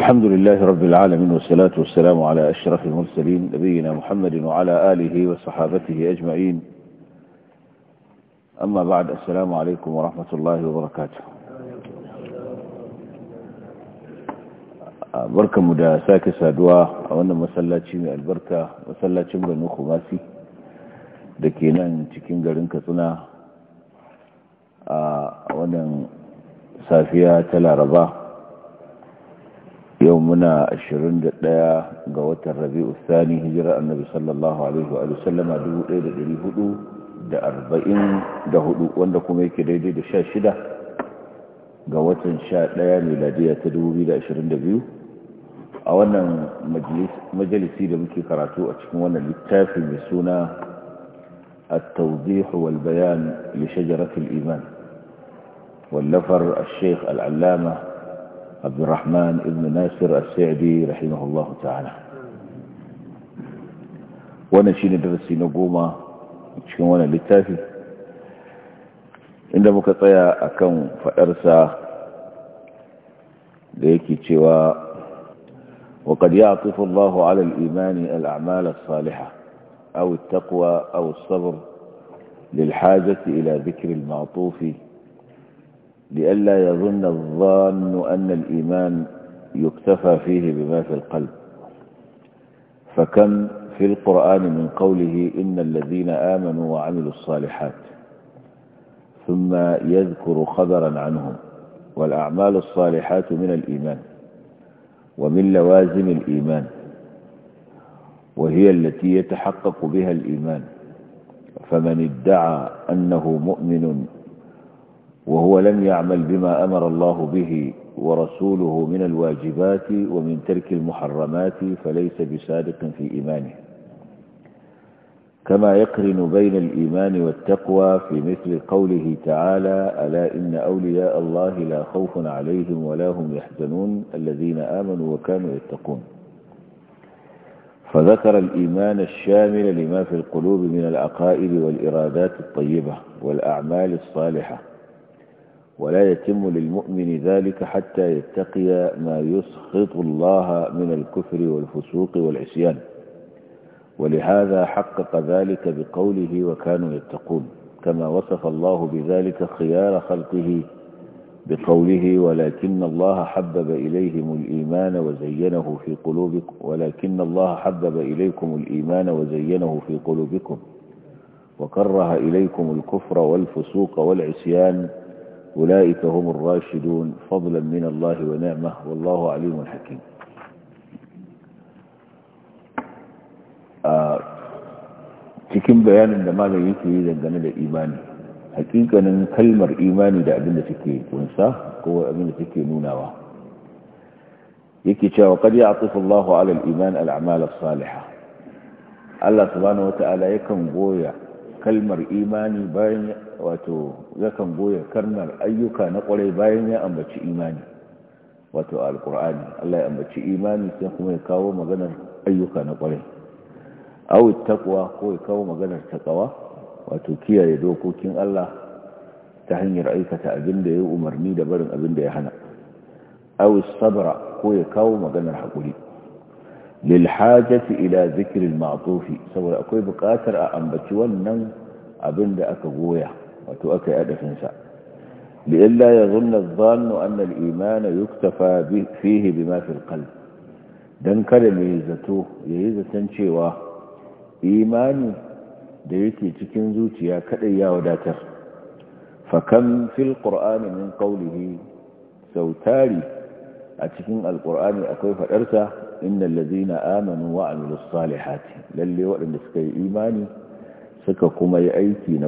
الحمد لله رب العالمين والصلاة والسلام على أشرف المرسلين نبينا محمد وعلى آله وصحابته أجمعين أما بعد السلام عليكم ورحمة الله وبركاته بركة مداساك سادوا وأنا مسلاتي من البركة مسلاتي من ماسي دكينا نتكين garin Katsina آه، وأنا سافيا تلا ta yau muna 21 ga watan rabi'u sani hijira annabi sallallahu alaihi wa sallama 1444 wanda kuma yake daidai da 16 ga watan 11 miladiya ta 2022 a wannan majalisi da muke karatu a cikin wannan littafin mai suna التوضيح والبيان لشجرة الإيمان واللفر الشيخ العلامة عبد الرحمن بن ناصر السعدي رحمه الله تعالى وانا شيء ندرسي نقوما شكوانا للتافي عندما كطيا أكون فأرسى ليك تشوى وقد يعطف الله على الإيمان الأعمال الصالحة أو التقوى أو الصبر للحاجة إلى ذكر المعطوف لئلا يظن الظان أن الإيمان يكتفى فيه بما في القلب فكم في القرآن من قوله إن الذين آمنوا وعملوا الصالحات ثم يذكر خبرا عنهم والأعمال الصالحات من الإيمان ومن لوازم الإيمان وهي التي يتحقق بها الإيمان فمن ادعى أنه مؤمن وهو لم يعمل بما أمر الله به ورسوله من الواجبات ومن ترك المحرمات فليس بصادق في إيمانه كما يقرن بين الإيمان والتقوى في مثل قوله تعالى ألا إن أولياء الله لا خوف عليهم ولا هم يحزنون الذين آمنوا وكانوا يتقون فذكر الإيمان الشامل لما في القلوب من العقائد والإرادات الطيبة والأعمال الصالحة ولا يتم للمؤمن ذلك حتى يتقي ما يسخط الله من الكفر والفسوق والعصيان ولهذا حقق ذلك بقوله وكانوا يتقون كما وصف الله بذلك خيار خلقه بقوله ولكن الله حبب إليهم الإيمان وزينه في قلوبكم ولكن الله حبب إليكم الإيمان وزينه في قلوبكم وكره إليكم الكفر والفسوق والعصيان أولئك هم الراشدون فضلا من الله ونعمه والله عليم حكيم cikin bayanin da malam yake yi dangane da imani hakikanin kalmar imani da abin da take kunsa ko abin da take nunawa yake cewa qad ya'tifu Allahu 'ala al-iman al-a'mal as-salihah Allah subhanahu wata'ala yakan goya kalmar imani bayan wato yakan goya karnar ayyuka na kwarai bayan ya ambaci imani wato alkur'ani Allah ya ambaci imani sai kuma ya kawo maganar ayyuka na kwarai awi takwa ko ya kawo maganar takawa wato kiyaye dokokin Allah ta hanyar aikata abin da ya umarni da barin abin da ya hana awi sabra ko ya kawo maganar haƙuri lilhajati ila zikirin ma'atufi saboda akwai buƙatar a ambaci wannan abin da aka goya wato aka yi adafinsa li'illa ya zunna zannu annal imana yuktafa fihi bima fil kal. dan kada mai zato yayi zaton cewa imani da yake cikin zuciya kadai ya wadatar Fakan fil qur'ani min qawlihi sautari a cikin alkur'ani akwai faɗarsa innal ladina amanu wa amilu salihati lalle waɗanda suka yi imani suka kuma yi aiki na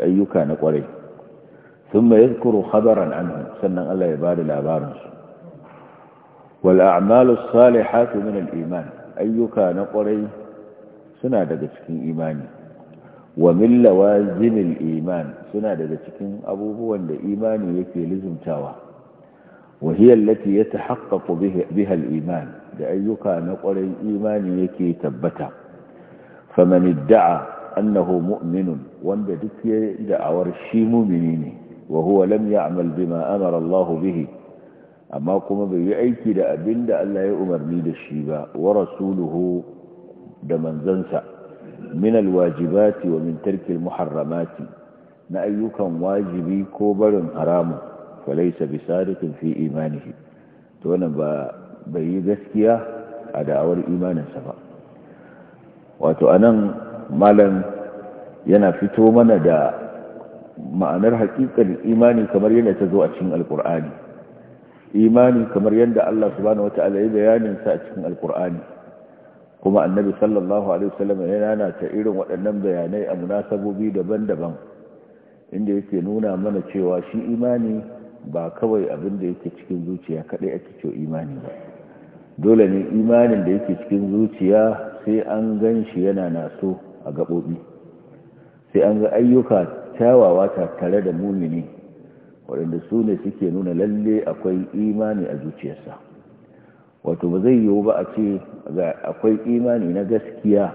ayyuka na kwarai thumma yadhkuru khabaran anhu sannan Allah ya bada labarin su wal a'malu salihatu min al iman ayyuka na kwarai suna daga cikin imani wa min lawazimil iman suna daga cikin abubuwan da imani yake lizumtawa وهي التي يتحقق بها الإيمان لأيك نقر الإيمان يكي تبتا فمن ادعى أنه مؤمن وانددك يدعى ورشي مؤمنين وهو لم يعمل بما أمر الله به أما قم بيعيك لأبن لألا يؤمرني للشيبا ورسوله دمن زنسا من الواجبات ومن ترك المحرمات نأيك واجبي كوبر حرامه falaisa bi sadiqin fi imanihi to wannan ba bai yi gaskiya a da'awar imaninsa ba wato anan malam yana fito mana da ma'anar haƙiƙar imani kamar yadda ta zo a cikin alƙur'ani imani kamar yadda Allah subhanahu wata'ala ya bayanin sa a cikin alƙur'ani kuma annabi sallallahu alaihi wasallam yana ta irin waɗannan bayanai a munasabobi daban-daban inda yake nuna mana cewa shi imani ba kawai abin da yake cikin zuciya kadai ake cewa imani ba dole ne imanin da yake cikin zuciya sai an gan shi yana naso a gaɓoɓi sai an ga ayyuka kyawawa tare da mumini waɗanda su ne suke nuna lalle akwai imani a zuciyarsa wato ba zai yiwu ba a ce akwai imani na gaskiya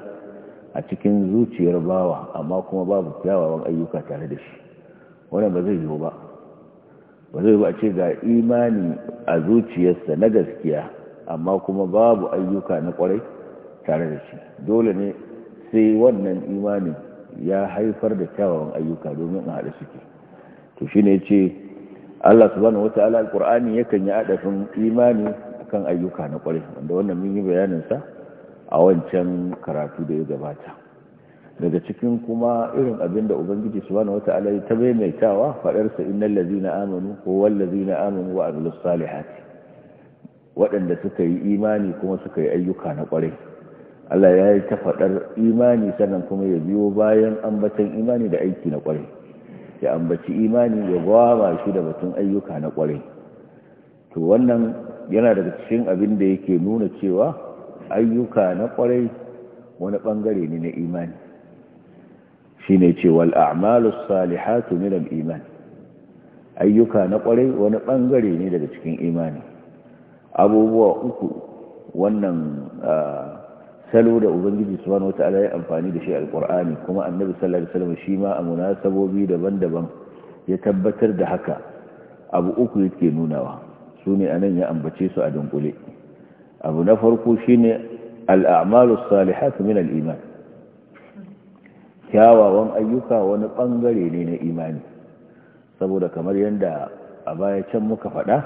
a cikin zuciyar bawa amma kuma babu kyawawan ayyuka tare da shi wannan ba zai yiwu ba ba zai ba ce ga imani a zuciyarsa na gaskiya amma kuma babu ayyuka na kwarai tare da shi dole ne sai wannan imanin ya haifar da kyawawan ayyuka domin a haɗa suke to shi ne ce Allah subhanahu ala alƙur'ani yakan yi haɗafin imani kan ayyuka na kwarai wanda wannan mun yi bayaninsa a wancan karatu da ya gabata daga cikin kuma irin abin da ubangiji subhanahu wata'ala ya ta maimaitawa faɗarsa innal ladina amanu ko wal na amanu wa amilus salihati waɗanda suka yi imani kuma suka yi ayyuka na ƙwarai Allah ya yi ta faɗar imani sannan kuma ya biyo bayan ambatan imani da aiki na ƙwarai ya ambaci imani ya gwaba shi da batun ayyuka na ƙwarai to wannan yana daga cikin abin da yake nuna cewa ayyuka na ƙwarai wani bangare ne na imani shine ce wal salihatu min al iman ayyuka na kwarai wani ɓangare ne daga cikin imani abubuwa uku wannan salo da ubangiji subhanahu wata ya amfani da shi Alƙur'ani kuma annabi sallallahu alaihi wasallam shi ma a munasabobi daban-daban ya tabbatar da haka abu uku yake nunawa su ne nan ya ambace su a dunkule abu na farko shine al a'malus salihatu min al iman kyawawan ayyuka wani ɓangare ne na imani saboda kamar yadda a baya can muka faɗa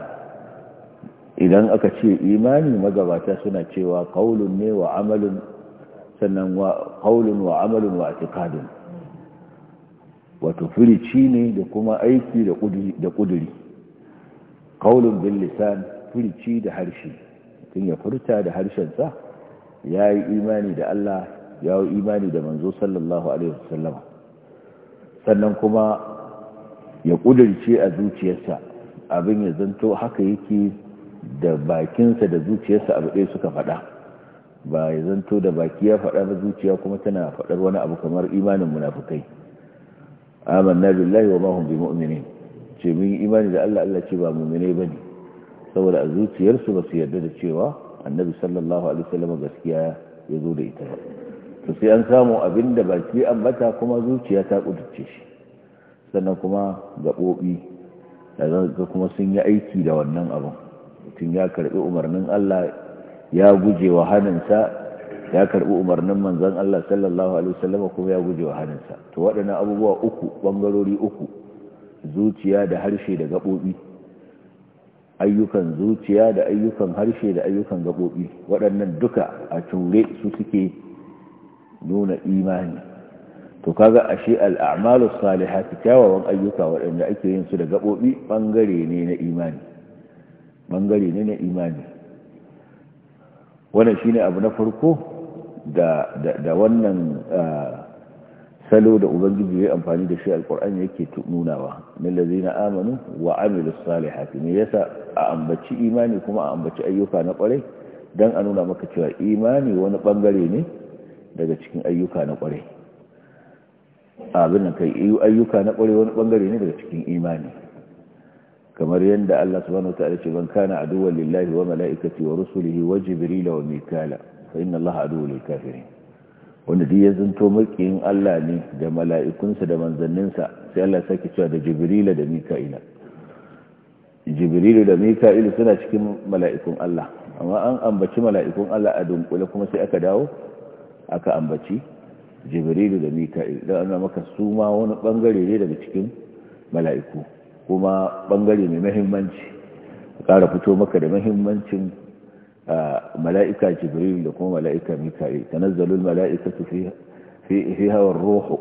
idan aka ce imani magabata suna cewa ƙaulun ne wa amalin sannan wa amalin wa atikadin wato firici ne da kuma aiki da ƙuduri kaulun bin lisan firici da harshe tun ya furta da harshensa ya yi imani da Allah ya yi imani da manzo sallallahu alaihi wasallama sannan kuma ya kudirce a zuciyarsa abin ya zanto haka yake da bakinsa da zuciyarsa abu ɗaya suka faɗa ba ya zanto da baki ya faɗa na zuciya kuma tana faɗar wani abu kamar imanin munafukai amanna billahi wa ma bi mu'mini ce min imani da Allah Allah ce ba ba ne saboda a zuciyarsu ba su yarda da cewa annabi sallallahu alaihi wasallam gaskiya ya zo da ita ba to sai an samu abin da baki bata kuma zuciya ta kudurce shi sannan kuma gaɓoɓi da zaka kuma sun yi aiki da wannan abin mutum ya karɓi umarnin Allah ya guje wa hannunsa ya karɓi umarnin manzon Allah sallallahu alaihi wasallam kuma ya guje wa hannunsa to waɗannan abubuwa uku ɓangarori uku zuciya da harshe da gaɓoɓi ayyukan zuciya da ayyukan harshe da ayyukan gaɓoɓi waɗannan duka a ture su suke nuna imani to kaga ashe al'amalu salihati kyawawan ayyuka waɗanda ake yin su da gabobi bangare ne na imani bangare ne na imani wannan shine abu na farko da da wannan salo da ubangiji ya amfani da shi alqur'ani yake nunawa min na amanu wa amilu salihati ne yasa a ambaci imani kuma a ambaci ayyuka na kwarai dan a nuna maka cewa imani wani bangare ne daga cikin ayyuka na kwarai abin kai kai ayyuka na kwarai wani bangare ne daga cikin imani kamar yadda Allah subhanahu wa ta'ala ce ban kana aduwwan lillahi wa mala'ikati wa rusulihi wa jibril wa mikala fa inna Allah aduwwul kafirin wanda duk ya zanto makiyin Allah ne da mala'ikunsa da manzanninsa sai Allah ya saki cewa da jibril da mika'ila jibril da mika'ila suna cikin mala'ikun Allah amma an ambaci mala'ikun Allah a dunkule kuma sai aka dawo aka ambaci jibrilu da mika'il da ana maka su ma wani bangare ne daga cikin mala'iku kuma bangare mai mahimmanci kara fito maka da mahimmancin mala'ika jibrilu da kuma mala'ika mika'il tanazzalul mala'ika su fi hawar roho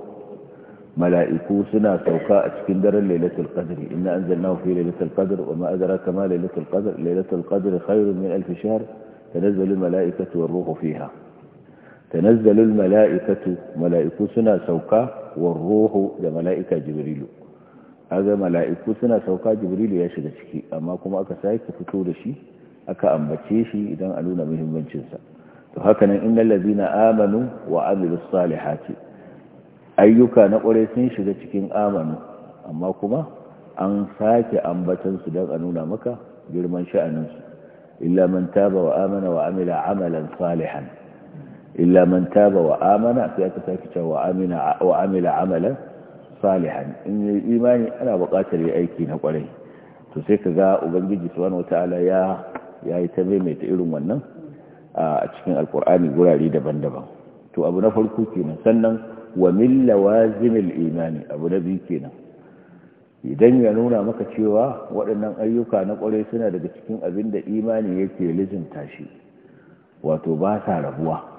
mala'iku suna sauka a cikin daren lailatul qadr inna anzalnahu fi lailatul qadr wa ma adraka ma lailatul qadr lailatul qadr khairun min alf shahr tanazzalul mala'ikatu war ruhu fiha tanazzalul mala'ikatu mala'iku suna sauka war da mala'ika jibrilu kaga mala'iku suna sauka jibrilu ya shiga ciki amma kuma aka sake fito da shi aka ambace shi idan a nuna muhimmancinsa to hakanan in lallabi na amanu wa amilus ce ayyuka na ƙware sun shiga cikin amanu amma kuma an sake ambatan su don a nuna maka girman sha'aninsu illa man taba wa amana wa amila amalan salihan illa man taba wa amana sai aka sake cewa amina wa amila amalan salihan in yi imani ana buƙatar yi aiki na kwarai to sai ka ga ubangiji subhanahu wataala ya yayi ta maimaita irin wannan a cikin alkur'ani gurare daban-daban to abu na farko kenan sannan wa min lawazimil imani abu na biyu kenan idan ya nuna maka cewa waɗannan ayyuka na kwarai suna daga cikin abin da imani yake lizinta shi wato ba sa rabuwa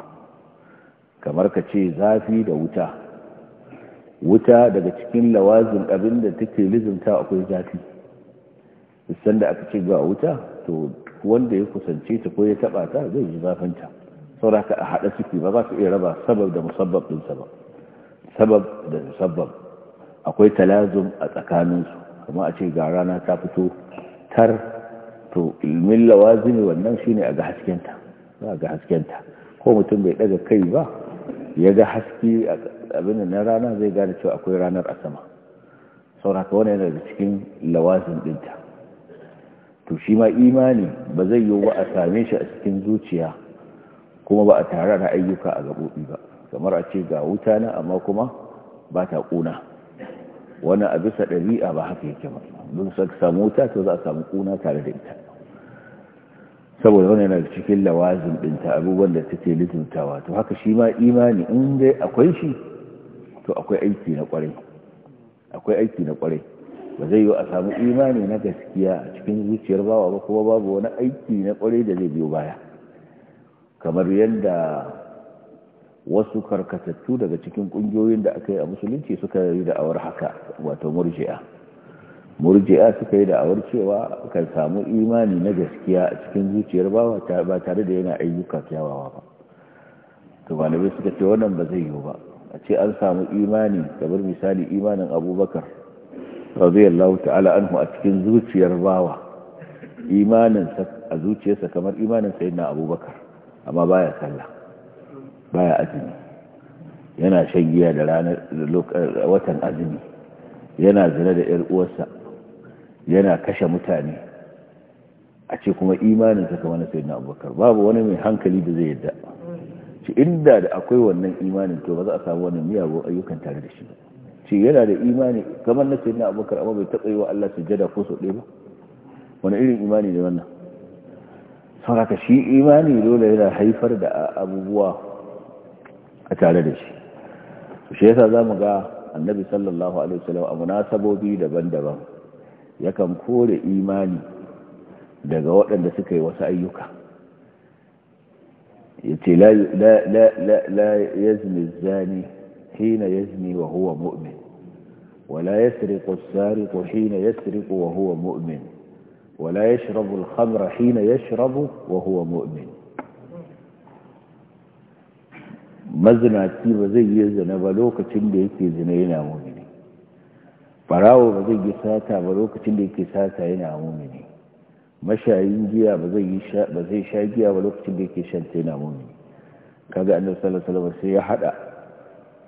kamar ka ce zafi da wuta wuta daga cikin lawazin abin da take lizinta akwai zafi isan da aka ce ga wuta to wanda ya kusance ta ko ya taba ta zai ji zafinta ka a haɗa ciki ba za ka iya raba sabab da musabbab din ba sabab da musabbab akwai talazum a tsakaninsu kuma a ce ga rana ta fito tar to ilmin lawazin wannan shine a ga haskenta a ga haskenta ko mutum bai daga kai ba ya ga haske abin na rana zai gane cewa akwai ranar asama sama sauraka wani yana da cikin lawasin dinta to shi ma imani ba zai yi wa a same shi a cikin zuciya kuma ba a tare na ayyuka a gaɓoɓi ba kamar a ce ga wuta na amma kuma ba ta ƙuna wani a bisa ba haka yake ba don samu wuta to za a samu ƙuna tare da ita saboda wani yana cikin lawazin ɗinta abubuwan da take lizuntawa to haka shi ma imani in dai akwai shi to akwai aiki na kwarai akwai aiki na kwarai ba zai yi a samu imani na gaskiya a cikin zuciyar bawa ba kuma babu wani aiki na kwarai da zai biyo baya kamar yadda wasu karkatattu daga cikin kungiyoyin da aka yi a musulunci suka yi awar haka wato murji'a murji'a suka yi da'awar cewa kan samu imani na gaskiya a cikin zuciyar bawa ba tare da yana ayyuka kyawawa ba to na suka ce wannan ba zai yiwu ba a ce an samu imani kamar misali imanin abubakar radiyallahu ta'ala anhu a cikin zuciyar bawa imanin a zuciyarsa kamar imanin sayyidina abubakar amma baya sallah baya azumi yana shan giya da ranar watan azumi yana zina da 'yar uwarsa yana kashe mutane a ce kuma imanin ta kama na sayi na abubakar babu wani mai hankali da zai yadda ci inda da akwai wannan imanin to ba za a samu wani miyagun ayyukan tare da shi ba. ci yana da imani kamar na sayi na abubakar amma bai taɓa yi wa Allah sujjada ko sau ɗaya ba wani irin imani ne wannan sauraka shi imani dole yana haifar da abubuwa a tare da shi shi yasa za mu ga annabi sallallahu alaihi wasallam a munasabobi daban-daban yakan kore imani daga waɗanda suka yi wasu ayyuka yace la la la la yazni zani hina yazni wa huwa mu'min ولا يسرق السارق حين يسرق وهو مؤمن ولا يشرب الخمر حين يشرب وهو مؤمن mazinaci ba zai yi zina ba lokacin da yake zina yana mu'min Farawo ba zai yi sata ba lokacin da yake sata yana mumini mashayin giya ba zai sha giya ba lokacin da yake shanta yana mumini kaga annabi sallallahu alaihi wasallam sai ya hada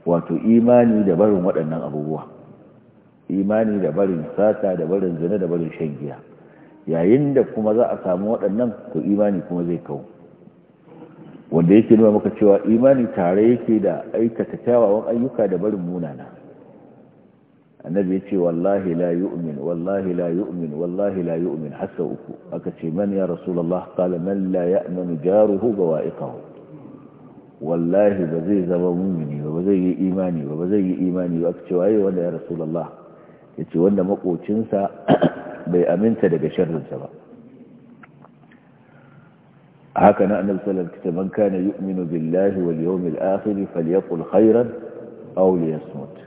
wato imani da barin waɗannan abubuwa imani da barin sata da barin zina da barin shan giya yayin da kuma za a samu waɗannan to imani kuma zai kawo wanda yake nuna maka cewa imani tare yake da aikata kyawawan ayyuka da barin munana annabi ya ce wallahi la yu'min wallahi la yu'min wallahi la yu'min hasa uku aka ce man ya rasulullah qala man la ya'manu jaruhu bawa'iqahu wallahi ba zai zama mumini ba zai yi imani ba zai yi imani ba aka ce waye wanda ya rasulullah yace wanda makocinsa bai aminta daga sharrinsa ba haka na annabi sallallahu alaihi wasallam kana yu'minu billahi wal yawmil akhir falyaqul khairan aw liyasmut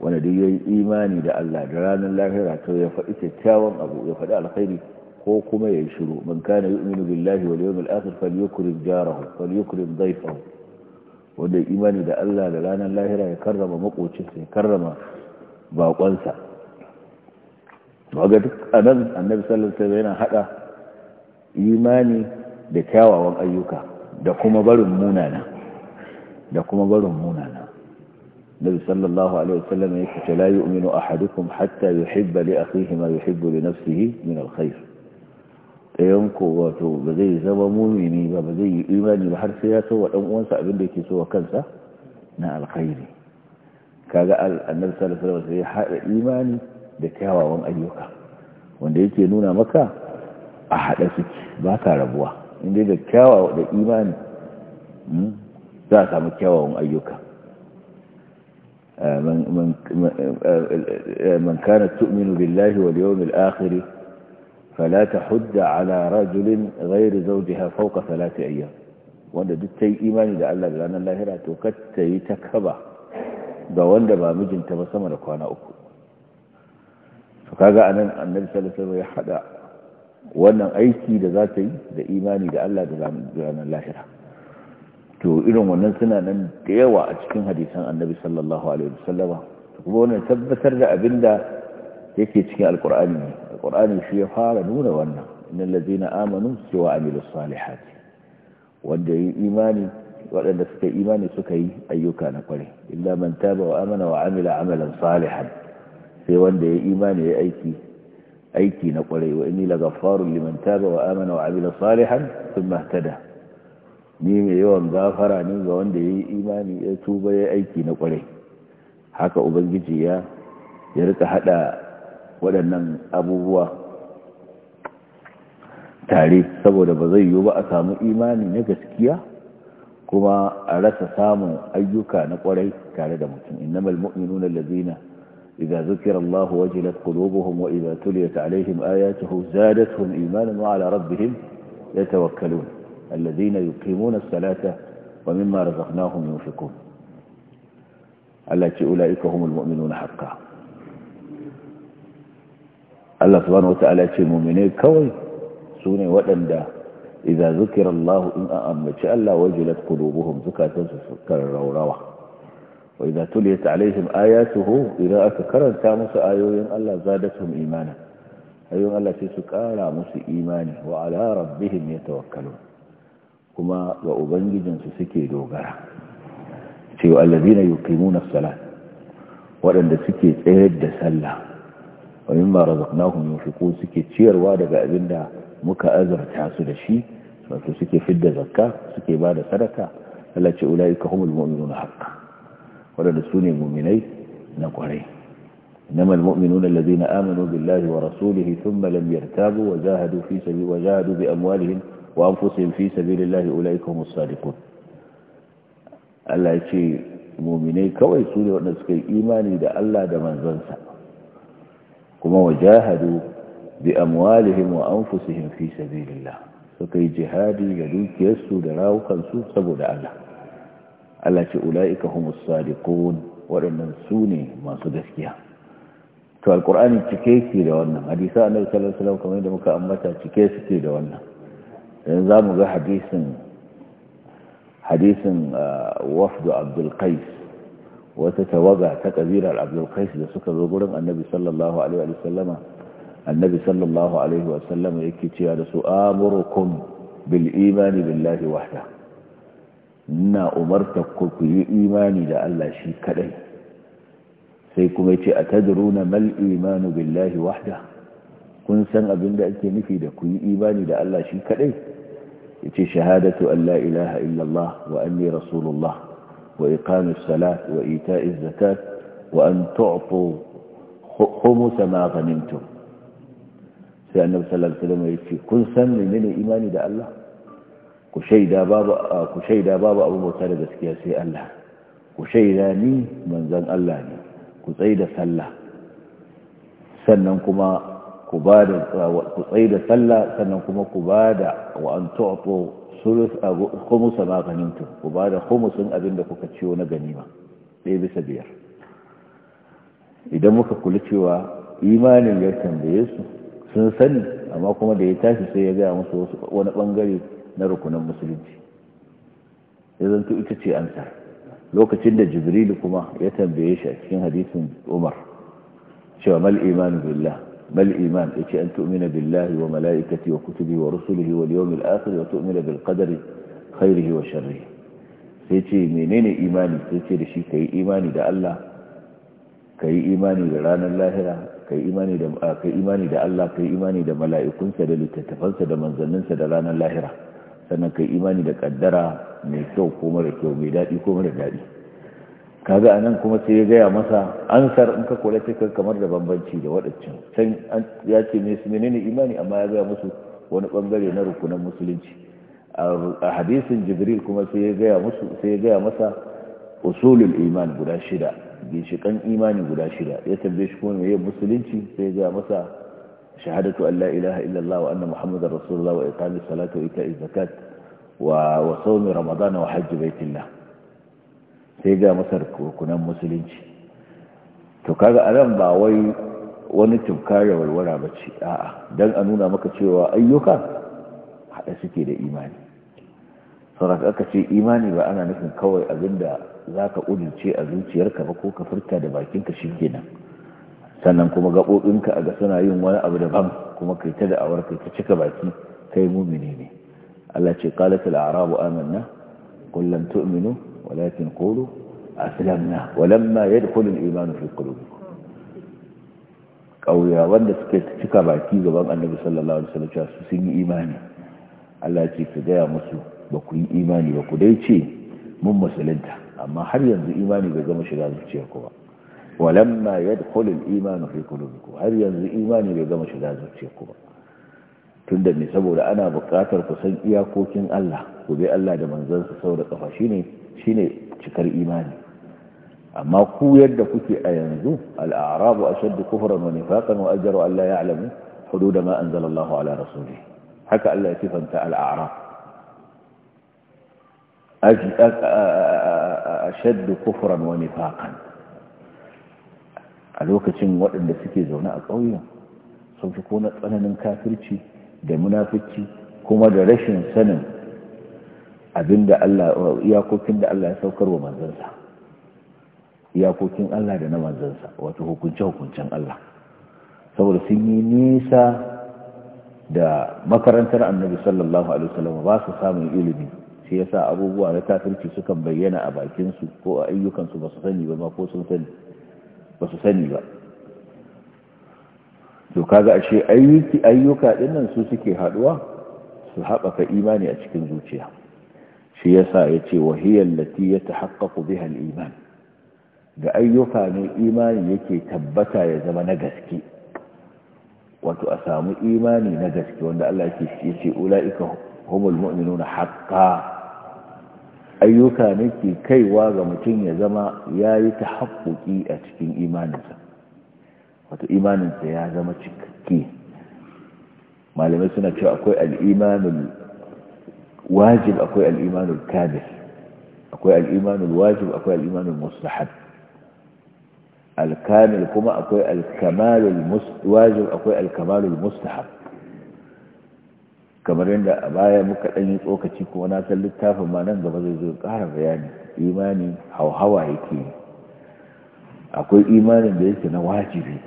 wanda duk yayi imani da Allah da ranar lahira to ya faɗi kyakkyawan abu ya faɗi alkhairi ko kuma ya shiru man kana yu'minu billahi wal yawmil akhir falyukrim jarahu falyukrim dayfahu wanda imani da Allah da ranar lahira ya karrama makocinsa ya karrama bakonsa ga duk anan annabi sallallahu alaihi wasallam yana hada imani da kyawawan ayyuka da kuma barin munana da kuma barin munana nabi sallallahu alaihi wasallam ya ce la yu'minu ahadukum hatta yuhibba li akhihi ma yuhibbu li nafsihi min alkhair ɗayan ko ba zai zama mumini ba ba zai yi imani ba har sai ya so wa dan uwansa abin da yake so wa kansa na alkhairi kaga annabi sallallahu alaihi wasallam ya hada imani da kyawawan ayyuka wanda yake nuna maka a hada suke ba ka rabuwa inda da kyawawa da imani hmm, za a samu kyawawan ayyuka من, من كانت تؤمن بالله واليوم الآخر فلا تحد على رجل غير زوجها فوق ثلاثة أيام wanda duk ta yi imani da Allah da ranar lahira to ta yi ta kaba ga wanda ba mijinta ba sama da kwana uku su kaga a nan annar salisar ya hada wannan aiki da za ta yi da imani da Allah da ranar lahira to irin wannan suna nan da yawa a cikin hadisan annabi sallallahu alaihi wasallama kuma wannan tabbatar da abinda yake cikin alqur'ani ne alqur'ani shi ya fara nuna wannan innal ladina amanu wa amilus salihat wanda yi imani waɗanda suka imani suka yi ayyuka na kware illa man taba wa amana wa amila amalan salihan sai wanda ya imani ya aiki aiki na kware wa inni lagafarun liman taba wa amana wa amila salihan thumma ihtada ni mai yawan gafara ne ga wanda ya yi imani ya tuba ya aiki na kwarai haka ubangiji ya ya rika hada waɗannan abubuwa tare saboda ba zai yiwu ba a samu imani na gaskiya kuma a rasa samun ayyuka na kwarai tare da mutum innamal mu'minuna allazina idza zukira Allahu wajilat qulubuhum wa idza tuliyat alaihim ayatuhu zadatuhum imanin wa rabbihim ya tawakkalu. الذين يقيمون الصلاة ومما رزقناهم ينفقون التي أولئك هم المؤمنون حقا الله سبحانه وتعالى يقول المؤمنين كوي سوني ودندا إذا ذكر الله إن أأمت ألا وجلت قلوبهم زكاة سكر الروروة وإذا تليت عليهم آياته إذا أتكرن تامس آيوين ألا زادتهم إيمانا أيوين ألا تسكارا مس إيماني وعلى ربهم يتوكلون kuma ga ubangijinsu suke dogara cewa allazina yuqimuna as-salat waɗanda suke tsayar da sallah wa mimma razaqnahum yunfiqun suke ciyarwa daga abinda muka azarta su da shi wato suke fidda zakka suke bada sadaka Allah ce ulaika humul mu'minuna haqqan waɗanda su ne mu'minai na kwarai إنما المؤمنون الذين آمنوا بالله ورسوله ثم لم يرتابوا وجاهدوا في سبيل وجاهدوا بأموالهم wa anfusihim fi sabilillahi ulaika humus sadiqun Allah ce mu'minai kawai su ne waɗanda suka yi imani da Allah da manzansa kuma wajahadu bi amwalihim wa anfusihim fi sabilillah suka yi jihadi da dukiyarsu da rawukansu saboda Allah Allah ce ula'ika humus sadiqun waɗannan su ne masu gaskiya to alqur'ani cike yake da wannan hadisi annabi sallallahu alaihi wasallam kamar da muka ambata cike suke da wannan yanzu za mu ga hadisin hadisin wafdu abdulkais wata tawaga ta ƙabilar abdulkais da suka zo gurin annabi sallallahu alaihi wasallama annabi sallallahu alaihi wasallama yake cewa da su amurukum bil imani billahi wahda ina umarta ku yi imani da Allah shi kadai sai kuma yace atadruna mal imanu billahi wahda kun san abin da ake nufi da ku yi imani da Allah shi kadai yace shahadatu an la ilaha illallah wa anni rasulullah wa iqamus salat wa ita'iz zakat wa an tu'tu khumus ma ghanimtum sai annabi sallallahu alaihi wasallam yace kun san menene imani da Allah ku shaida babu ku shaida babu abu da gaskiya sai Allah ku shaida ni manzon Allah ne ku tsaida sallah sannan kuma ku ba da ku tsaye da sallah sannan kuma ku ba da wa an tu'tu sulus khumus ma ganimtu ku ba da khumusin abin da kuka ciyo na ganima ɗaya bisa biyar idan muka kula cewa imanin ya tambaye su sun sani amma kuma da ya tashi sai ya gaya musu wani bangare na rukunin musulunci ya zanto ita ce ansa lokacin da jibrilu kuma ya tambaye shi a cikin hadisin umar cewa mal iman billah بل إيمان إيش أن تؤمن بالله وملائكته وكتبه ورسله واليوم الآخر وتؤمن بالقدر خيره وشره سيتي منين إيماني سيتي رشي كي إيماني دا الله كي إيماني دا رانا اللاهرة كي إيماني دا, كي إيماني دا الله كي إيماني دا ملائكون سدى لتتفن سدا منزلن سدا رانا اللاهرة سنة كي إيماني دا قدرة ميكو كومر كومي دا, كومر دا kaga anan kuma sai ya gaya masa ansar in ka kula sai kamar da bambanci da waɗancan can ya ce me su menene imani amma ya gaya musu wani bangare na rukunan musulunci a hadisin jibril kuma sai ya gaya musu sai ya gaya masa usulul iman guda shida ginshikan imani guda shida ya tambaye shi kuma meye musulunci sai ya gaya masa shahadatu an la ilaha illallah wa anna muhammadar rasulullah wa iqamis salatu wa zakat wa wa sawmi ramadan wa hajji baitillah sai ga masa rukunan musulunci to kaga anan ba wai wani tunkara walwala ba ce a'a don a nuna maka cewa ayyuka haɗa suke da imani sauraka aka ce imani ba ana nufin kawai abinda za ka ƙudurce a zuciyarka ba ko ka furta da bakinka shi kenan sannan kuma gaɓoɓinka a ga suna yin wani abu daban kuma kai ta da'awar kai ta cika baki kai mumini ne Allah ce qalatul a'rabu amanna qul lam tu'minu walakin qulu aslamna walamma yadkhulu al-iman fi qulubikum kauya wanda suka cika baki gaban annabi sallallahu alaihi wasallam cewa sun yi imani Allah ce ku gaya musu ba ku yi imani ba ku dai ce mun musulunta amma har yanzu imani bai gama shiga zuciyarku ba har yanzu imani bai gama shiga zuciyarku ba tunda ne saboda ana buƙatar ku san iyakokin Allah ku bi Allah da manzansa sau kafa shine shine cikar imani amma ku yadda kuke a yanzu al'arabu ashaddu kufran wa nifaqan wa Allah ya alamu, ya'lamu da ma anzalallahu ala rasulih haka Allah ya sifanta al'arab ashaddu kufran wani nifaqan a lokacin waɗanda suke zaune a ƙauyen sun fi kona tsananin kafirci da munafici kuma da rashin sanin abinda Allah iyakokin da Allah ya saukar wa manzansa iyakokin Allah da na manzansa wato hukunce hukuncin Allah saboda sun yi nisa da makarantar annabi sallallahu alaihi wasallam ba su samun ilimi shi yasa abubuwa na kafirci suka bayyana a bakin su ko a ayyukan su ba su sani ba ko sun sani ba su sani ba to kaga ashe ayyuka dinnan su suke haɗuwa su haɓaka imani a cikin zuciya shi yasa ya ce wahiyar lati ya ta haƙaƙo bihan iman da ayyuka ne imani yake tabbata ya zama na gaske wato a samu imani na gaske wanda Allah ya ce ula'ika humul mu'minuna haƙa ayyuka ne ke kaiwa ga mutum ya zama ya yi ta haƙoƙi a cikin imaninsa wato imaninsa ya zama cikakke malamai suna cewa akwai al'imanin wajib akwai al'imanul kamil akwai al'imanul wajib akwai al'imanul mustahab alkamil kuma akwai alkamalul wajib akwai alkamalul mustahab kamar yadda a baya muka ɗanyi tsokaci kuma na san littafin ma nan gaba zai zo ƙara bayani Imanin hauhawa yake akwai imanin da yake na wajibi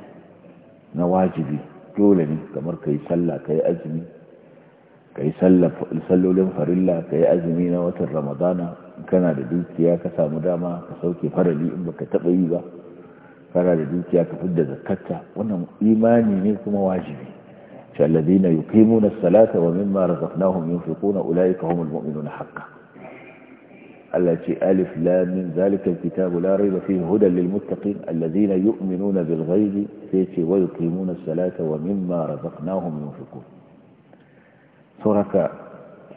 na wajibi dole ne kamar ka yi sallah ka yi azumi ka yi sallolin farilla ka yi azumi na watan ramadana kana da dukiya ka samu dama ka sauke farali in baka taɓa yi ba kana da dukiya ka fidda zakatta wannan imani ne kuma wajibi shi alladhina yuqimuna as-salata wa mimma razaqnahum yunfiquna ulaika humul mu'minuna haqqan Allah ce alif lam min kitabu la rayba fihi hudan lil muttaqin alladhina yu'minuna bil ghaibi sai ce wa yuqimuna salata wa mimma razaqnahum yunfiquna sauraka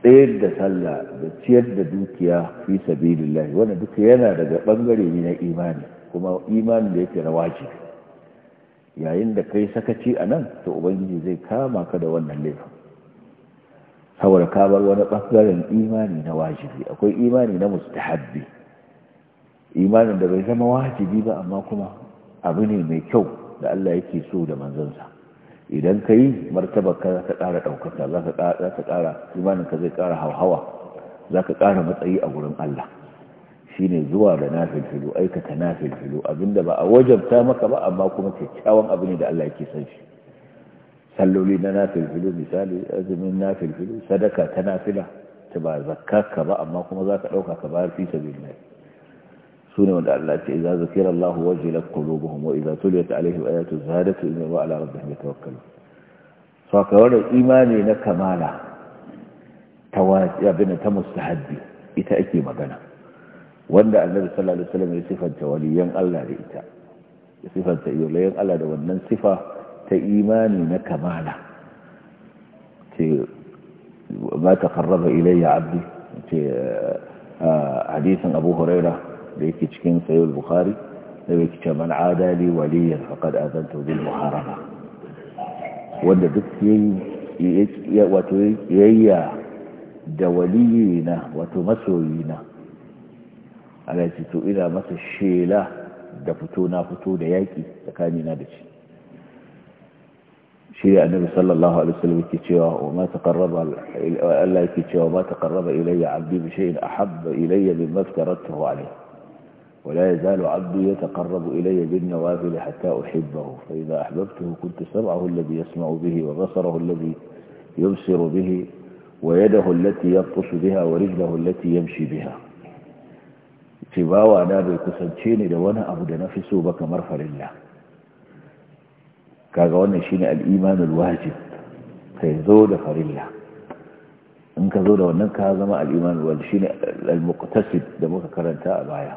tsayar da sallah da ciyar da dukiya fi sabilillah wanda duka yana daga bangare ne na imani kuma imani da yake na wajibi yayin da kai sakaci a nan to ubangiji zai kama ka da wannan laifin saboda ka bar wani ɓangaren imani na wajibi akwai imani na mustahabbi imanin da bai zama wajibi ba amma kuma abu ne mai kyau da Allah yake so da manzansa idan ka yi martabar ka za ta ƙara ɗaukaka za ta ƙara imanin ka zai ƙara hauhawa za ka ƙara matsayi a wurin Allah shi ne zuwa da na aikata na filfilo abinda ba a wajabta maka ba amma kuma kyakkyawan abu ne da Allah yake san shi salloli na na misali azumin na sadaka ta nafila ta ba zakka ka ba amma kuma za ka ɗauka ka bayar fi sabilillah سنوا الآلات إذا ذكر الله وجلت قلوبهم وإذا تليت عليه آيات الزهادة إنه على ربهم يتوكلون فكوانا إيماني لك نكمالا تواجئ بنا تمستحدي إتأكي مقنا وأن النبي صلى الله عليه وسلم يصفة وليا الله لإتاء يصفة يوليا الله وأن نصفة تإيماني لك نكمالا ما تقرب إلي عبدي آه، حديثا أبو هريرة da yake cikin sayul bukhari da yake ce man adali waliyan faqad azantu bil muharaba wanda duk yayi wato yayya da waliyina wato masoyina Allah ya to ina masa shela da fito na fito da yaki tsakanina da shi shi annabi sallallahu alaihi wasallam yake cewa wa ma taqarraba Allah yake cewa ma taqarraba ilayya 'abdi bi shay'in ahabba ilayya mimma taqarrabtuhu alayhi ولا يزال عبدي يتقرب إلي بالنوافل حتى أحبه فإذا أحببته كنت سمعه الذي يسمع به وبصره الذي يبصر به ويده التي يبطش بها ورجله التي يمشي بها تباوى نابي كسنشين لونا أبدا نفسه بك مرفل الله كاغوانا شين الإيمان الواجب فيزود فرلا انك زود وننك هذا ما الإيمان الواجب شين المقتصد دموك كرنتاء بايا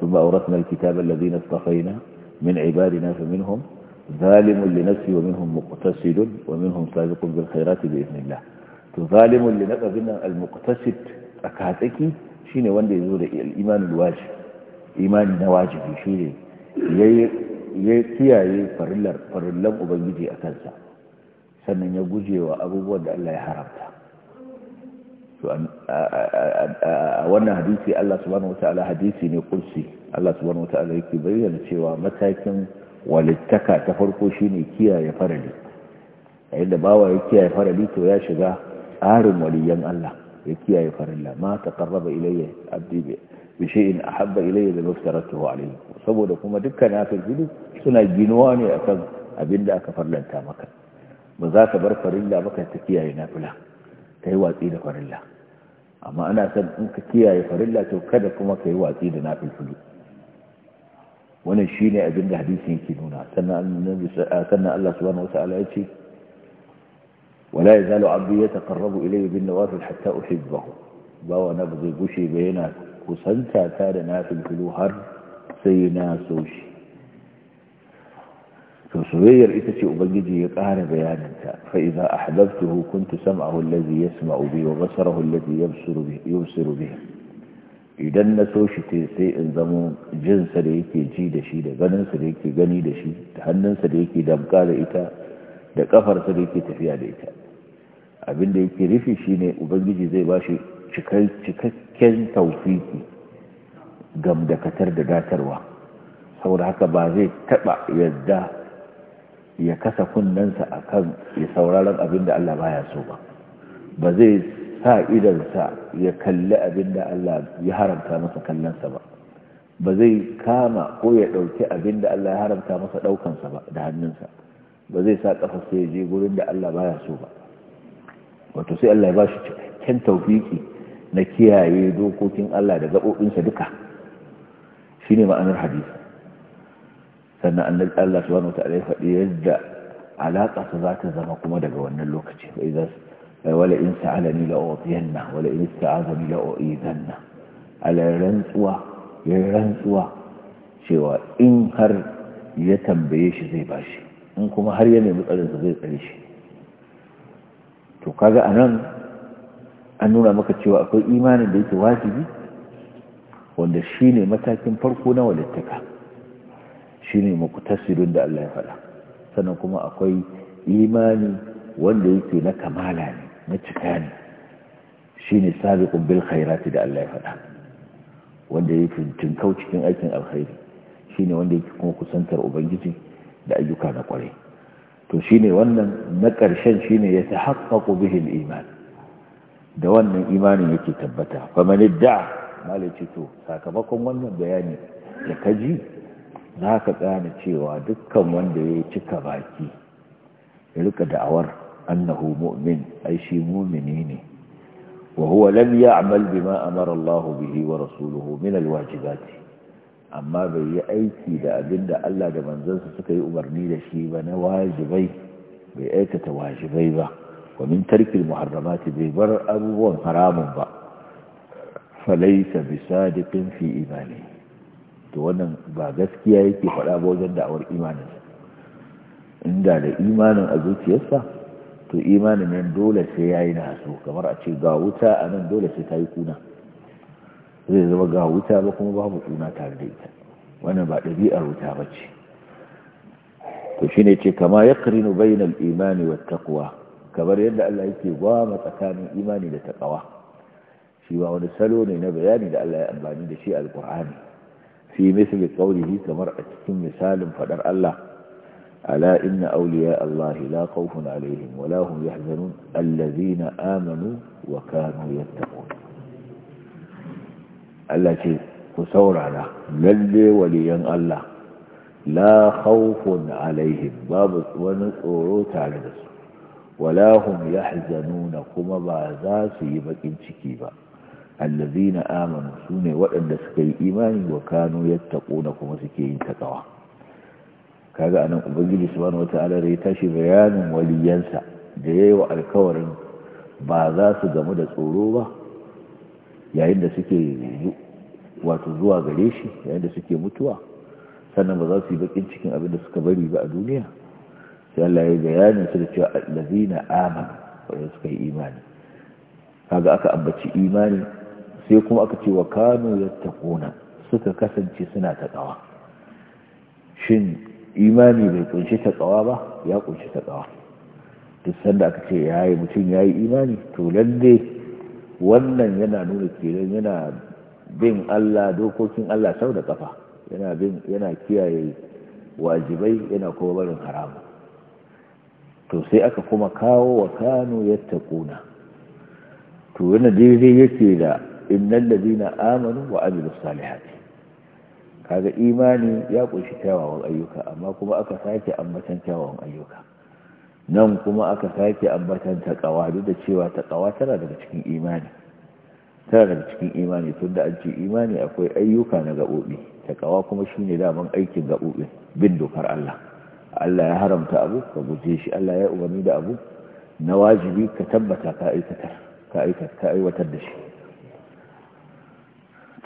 ثم أورثنا الكتاب الذين اصطفينا من عبادنا فمنهم ظالم لنفسه ومنهم مقتصد ومنهم سابق بالخيرات بإذن الله ظالم لنفسه المقتصد أكاتكي شين واندي يزور الإيمان الواجب إيمان نواجب wajibi shi ne ya kiyaye farillan ubangiji a وأبو sannan ya guje a wannan hadisi Allah subhanahu wata'ala hadisi ne kursi Allah subhanahu wata'ala yake bayyana cewa matakin walittaka ta farko shine kiyaye farali yayin bawa ya kiyaye farali to ya shiga tsarin waliyan Allah ya kiyaye farilla ma taqarraba ilayya abdi bi shay'in ahabba ilayya da maftaratuhu alayhi saboda kuma dukkan haka suna ginuwa ne akan abinda aka farlanta maka ba za ka bar farilla maka ta kiyaye nafila kai watsi da farilla amma ana san in ka kiyaye farilla to kada kuma kai watsi da nafil fulu wannan shine abin da hadisin yake nuna sannan Allah subhanahu wata'ala ya ce wala ya zalo abu ya taƙarrabu bin nawafil hatta uhibbahu ba wa na ba zai gushe ba yana kusanta ta da nafil fulu har sai na so shi to soyayyar ita ce ubangiji ya ƙara bayaninta fa idza ahbabtuhu kuntu sam'ahu allazi yasma'u bi wa basarahu allazi yabsuru bi yubsiru bi idan na so shi sai in zamo jinsa da yake ji da shi da ganinsa da yake gani da shi da hannunsa da yake damka da ita da kafarsa da yake tafiya da ita abin da yake rufi shine ubangiji zai ba shi cikakken taufiki gamdakatar da gatarwa saboda haka ba zai taba yadda ya kasa kunnensa a kan ya sauraron abin da Allah baya so ba ba zai sa idansa ya kalli abin da Allah ya haramta masa kallonsa ba ba zai kama ko ya ɗauki abin da Allah ya haramta masa ɗaukansa ba da hannunsa ba zai sa ƙafarsa ya je gurin da Allah baya so ba wato sai Allah ya ba shi cikakken taufiki na kiyaye dokokin Allah da gaɓoɓinsa duka shine ma'anar hadisi sannan annabi Allah subhanahu wataala ya faɗi yadda alaƙa su za ta zama kuma daga wannan lokaci fa idza wala in sa'alani la utiyanna wala in sta'azani la ala rantsuwa ya rantsuwa cewa in har ya tambaye shi zai bashi in kuma har ya nemi tsarinsa zai tsare shi to kaga anan an nuna maka cewa akwai imanin da yake wajibi wanda shine matakin farko na walittaka shine muqtasidun da Allah ya faɗa sannan kuma akwai imani wanda yake na kamala ne na cika ne shine sabiqun bil khairati da Allah ya faɗa wanda yake tun kau cikin aikin alkhairi shine wanda yake kuma kusantar ubangiji da ayyuka na kwarai to shine wannan na karshen shine ya tahaqqaqu bihi al iman da wannan imanin yake tabbata fa man idda malai to sakamakon wannan bayani da kaji za ka gane cewa dukkan wanda ya cika baki ya rika da'awar annahu mu'min ai shi mu'mini ne wa huwa lam ya'mal bima amara Allah bihi wa rasuluhu min alwajibat amma bai yi aiki da abinda Allah da manzansa suka yi umarni da shi ba na wajibai bai aikata wajibai ba wa min tarkil muharramat bai bar abubuwan haramun ba falaysa bisadiqin fi imani to wannan ba gaskiya yake faɗa ba wajen da'awar imaninsa inda da imanin a zuciyarsa to imanin nan dole sai ya yi naso kamar a ce ga wuta a nan dole sai ta yi kuna zai zama ga wuta ba kuma babu kuna tare da ita wannan ba ɗabi'ar wuta ba ce to shi ne ce kama ya karinu bainal imani wa taƙwa kamar yadda Allah yake gwama tsakanin imani da taƙawa shi ba wani salo ne na bayani da Allah ya amfani da shi alƙur'ani fi misli qawlihi kamar a cikin misalin fadar Allah ala inna awliya Allah la khawfun alaihim wa la hum yahzanun allazina amanu wa kanu yattaqun Allah ce ku saurara lalle waliyan Allah la khawfun alaihim babu wani tsoro tare da su wala hum yahzanuna kuma ba za su yi bakin ciki ba allazina amanu sune wadanda suka yi imani wa kanu yattaquna kuma suke yin takawa kaga anan ubangiji subhanahu wataala ya tashi bayanin waliyansa da yayi wa alkawarin ba za su gamu da tsoro ba yayin da suke wato zuwa gare shi yayin da suke mutuwa sannan ba za su yi bakin cikin abin da suka bari ba a duniya sai Allah ya bayanin su da cewa allazina amanu wa suka yi imani kaga aka ambaci imani sai kuma aka ce wa kanu taƙona suka kasance suna taƙawa shin imani bai kunshi taƙawa ba ya kunshi taƙawa duk sanda aka ce ya yi mutum ya yi imani to lalle wannan yana nuna kenan yana bin Allah dokokin Allah sau da ƙafa yana kiyaye wajibai yana kuma barin haramu to sai aka kuma kawo wa kanu taƙona to yana daidai yake da innal ladina amanu wa amilus salihat kaga imani ya kunshi kyawawan ayyuka amma kuma aka sake ambatan kyawawan ayyuka nan kuma aka sake ambatan taqwa duk da cewa taqwa tana daga cikin imani tana daga cikin imani tunda an ce imani akwai ayyuka na gabobi taqwa kuma shine daman aikin gabobi bin dokar Allah Allah ya haramta abu ka guje shi Allah ya umarni da abu na wajibi ka tabbata ka aikata ka aikata ka aiwatar da shi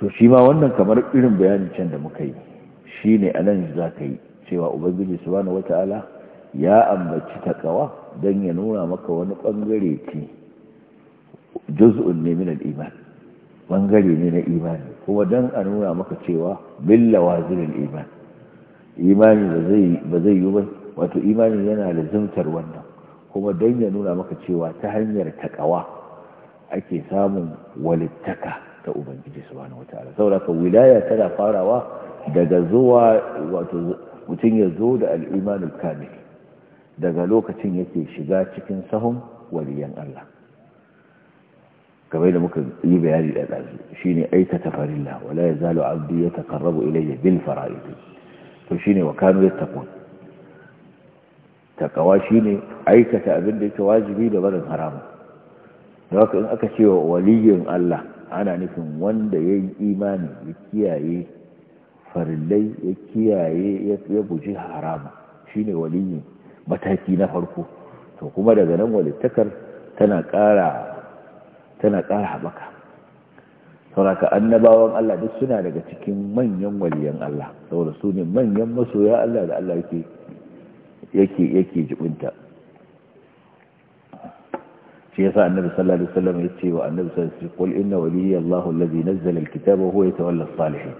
to shi ma wannan kamar irin bayanin can da muka yi shi ne a nan za ka yi cewa ubangiji su bani wata'ala ya ambaci takawa don ya nuna maka wani ɓangare ce juz'un ne minan iman ɓangare ne na imani kuma don a nuna maka cewa billa wazirin iman imani ba zai yi ba wato imani yana da zimtar wannan kuma don ya nuna maka cewa ta hanyar takawa ake samun walittaka ta ubangiji subhanahu wataala saboda wilaya tana farawa daga zuwa wato mutum ya zo da al'imanul kamil daga lokacin yake shiga cikin sahun waliyan Allah kamar da muka yi bayani da ɗazu shi ne aikata farilla wala ya abdi ya ilayya bil fara'idi to shi ne wa kanu ya taƙon shi ne aikata abin da yake wajibi da barin haramu da haka in aka ce wa waliyin Allah ana nufin wanda ya yi imani ya kiyaye farillai ya kiyaye ya guji haramu shine waliyin mataki na farko to kuma daga nan walittakar tana ƙara tana haɓaka sauraka annabawan Allah duk suna daga cikin manyan waliyan Allah saboda su ne manyan masoya Allah da Allah yake yake jibinta shi yasa annabi sallallahu alaihi wasallam ya ce wa annabi sallallahu alaihi wasallam qul inna waliyya Allahu allazi nazzala alkitaba huwa yatawalla as-salihin